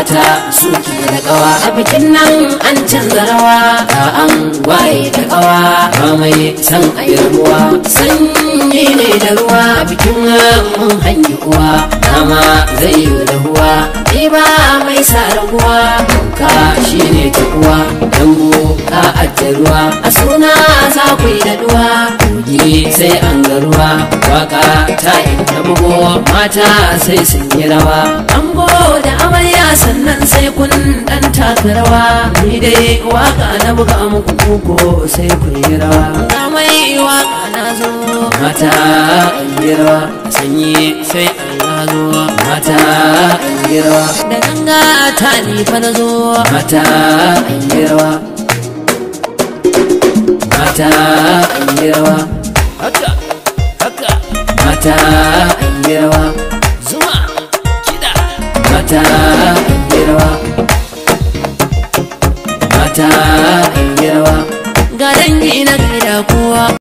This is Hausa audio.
mata suke da kawa a bikin nan an canza rawa ka an waye da kawa ba mai san ayi rabuwa sanyi ne da ruwa a bikin mun hanyi uwa dama zai yi da ruwa ni ba mai sa rabuwa ka shi ne ta uwa dan ka ruwa. a suna za ku yi daɗuwa kogi sai an ruwa. waka ta yi ta mata sai sun yi rawa an da amai na rawa ni dai waka na buga muku kuko sai ku yi rawa na mai waka na zo mata an yi rawa sanyi sai an zo mata an yi rawa da ganga ta ni fa na zo mata an yi rawa mata an yi rawa haka haka mata an yi rawa zuma kida mata an yi rawa mata in girma